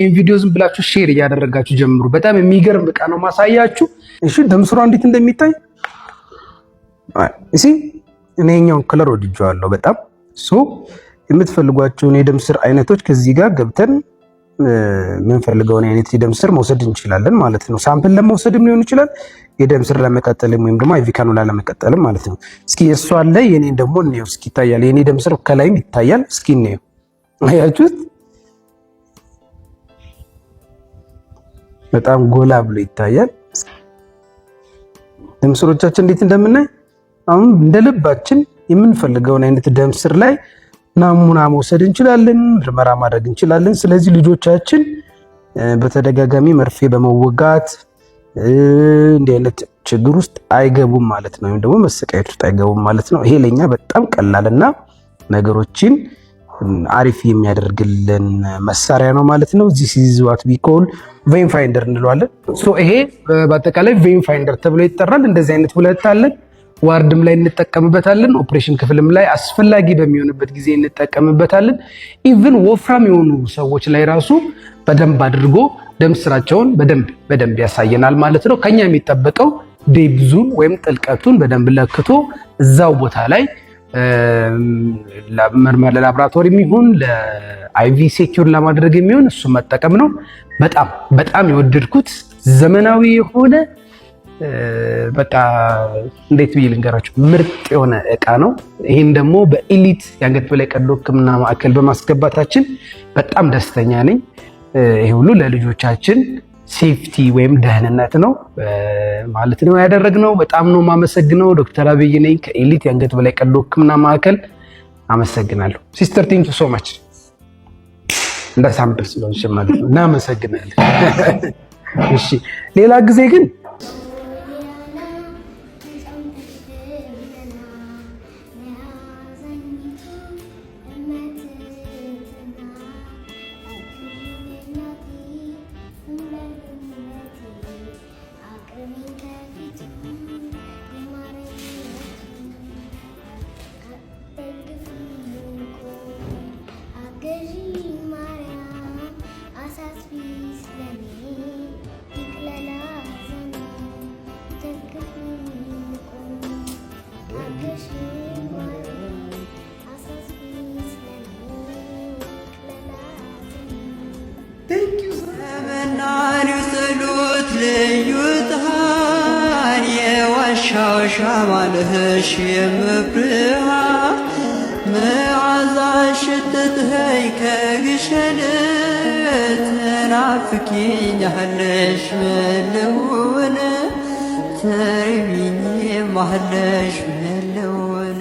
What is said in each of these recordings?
ይህን ቪዲዮ ዝም ብላችሁ ሼር እያደረጋችሁ ጀምሩ። በጣም የሚገርም እቃ ነው ማሳያችሁ። እሺ ደምስሯ እንዴት እንደሚታይ እሺ። እኔ የኛውን ከለር ወድጄዋለሁ በጣም ሶ የምትፈልጓቸውን የደምስር አይነቶች ከዚህ ጋር ገብተን የምንፈልገውን አይነት የደምስር መውሰድ እንችላለን ማለት ነው። ሳምፕል ለመውሰድም ሊሆን ይችላል የደምስር ለመቀጠልም ወይም ደግሞ አይቪ ካኑላ ለመቀጠልም ማለት ነው። እስኪ የእሷ አለ የኔን ደግሞ እኔው እስኪ ይታያል። የኔ ደምስር ከላይም ይታያል። እስኪ እኔው አያችሁት በጣም ጎላ ብሎ ይታያል። ደም ስሮቻችን እንዴት እንደምናይ አሁን እንደ ልባችን የምንፈልገውን አይነት ደም ስር ላይ ናሙና መውሰድ እንችላለን፣ ምርመራ ማድረግ እንችላለን። ስለዚህ ልጆቻችን በተደጋጋሚ መርፌ በመወጋት እንዲህ አይነት ችግር ውስጥ አይገቡም ማለት ነው፣ ወይም ደግሞ መሰቃየት ውስጥ አይገቡም ማለት ነው። ይሄ ለኛ በጣም ቀላልና ነገሮችን አሪፍ የሚያደርግልን መሳሪያ ነው ማለት ነው። ዚስ ኢዝ ዋት ዊ ኮል ቬን ፋይንደር እንለዋለን። ሶ ይሄ በአጠቃላይ ቬን ፋይንደር ተብሎ ይጠራል። እንደዚህ አይነት ሁለታለን አለን። ዋርድም ላይ እንጠቀምበታለን። ኦፕሬሽን ክፍልም ላይ አስፈላጊ በሚሆንበት ጊዜ እንጠቀምበታለን። ኢቭን ወፍራም የሆኑ ሰዎች ላይ ራሱ በደንብ አድርጎ ደም ስራቸውን በደንብ በደንብ ያሳየናል ማለት ነው። ከኛ የሚጠበቀው ዴብዙን ወይም ጥልቀቱን በደንብ ለክቶ እዛው ቦታ ላይ ምርመራ ለላብራቶሪ የሚሆን ለአይቪ ሴኪር ለማድረግ የሚሆን እሱ መጠቀም ነው። በጣም በጣም የወደድኩት ዘመናዊ የሆነ በቃ እንዴት ብዬ ልንገራቸው ምርጥ የሆነ እቃ ነው። ይህም ደግሞ በኢሊት የአንገት በላይ ቀዶ ሕክምና ማዕከል በማስገባታችን በጣም ደስተኛ ነኝ። ይህ ሁሉ ለልጆቻችን ሴፍቲ ወይም ደህንነት ነው ማለት ነው ያደረግነው። በጣም ነው የማመሰግነው። ዶክተር አብይ ነኝ ከኤሊት የአንገት በላይ ቀዶ ሕክምና ማዕከል አመሰግናለሁ። ሲስተር ቲንክ ሶ ማች እንደ ሳምፕል ስለሆንሽ ማለት ነው። እናመሰግናለን። እሺ ሌላ ጊዜ ግን ልዩት የዋሻው ሻማንህሽ የምብርሃን መዓዛ ሽትትኸይ ከግሸን ትናፍቂኛለሽ መለውን ትርቢኝ ማለሽ መለውን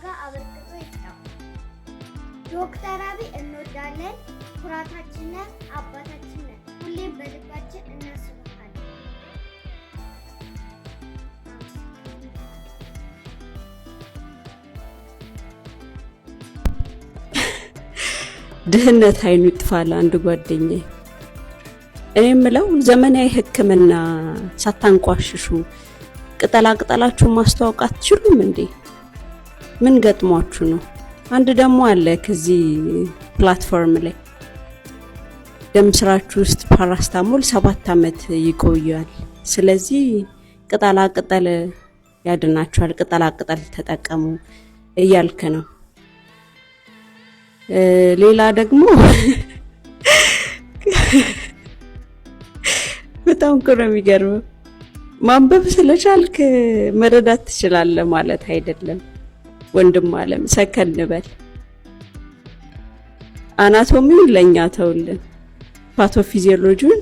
ዋጋ አበርክቶ ይጫወታል። ዶክተር አብይ እንወዳለን፣ ኩራታችን ነህ፣ አባታችን ነህ። ሁሌም በልባችን እናስብሃለን። ድህነት አይኑ ይጥፋል። አንድ ጓደኛዬ እኔ የምለው ዘመናዊ ሕክምና ሳታንቋሽሹ ቅጠላ ቅጠላችሁን ማስተዋወቅ አትችሉም እንዴ? ምን ገጥሟችሁ ነው? አንድ ደግሞ አለ ከዚህ ፕላትፎርም ላይ ደም ስራችሁ ውስጥ ፓራስታሞል ሰባት ዓመት ይቆያል። ስለዚህ ቅጠላ ቅጠል ያድናችኋል፣ ቅጠላ ቅጠል ተጠቀሙ እያልክ ነው። ሌላ ደግሞ በጣም እኮ ነው የሚገርመው። ማንበብ ስለቻልክ መረዳት ትችላለህ ማለት አይደለም። ወንድም አለም ሰከን በል። አናቶሚውን ለእኛ ተውልን፣ ፓቶፊዚዮሎጂውን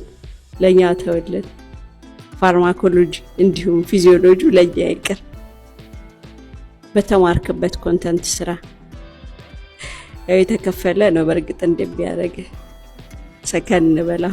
ለእኛ ተውልን፣ ፋርማኮሎጂ እንዲሁም ፊዚዮሎጂ ለእኛ ይቅር። በተማርክበት ኮንተንት ስራ ያው የተከፈለ ነው። በእርግጥ እንደሚያደርግ ሰከን በል።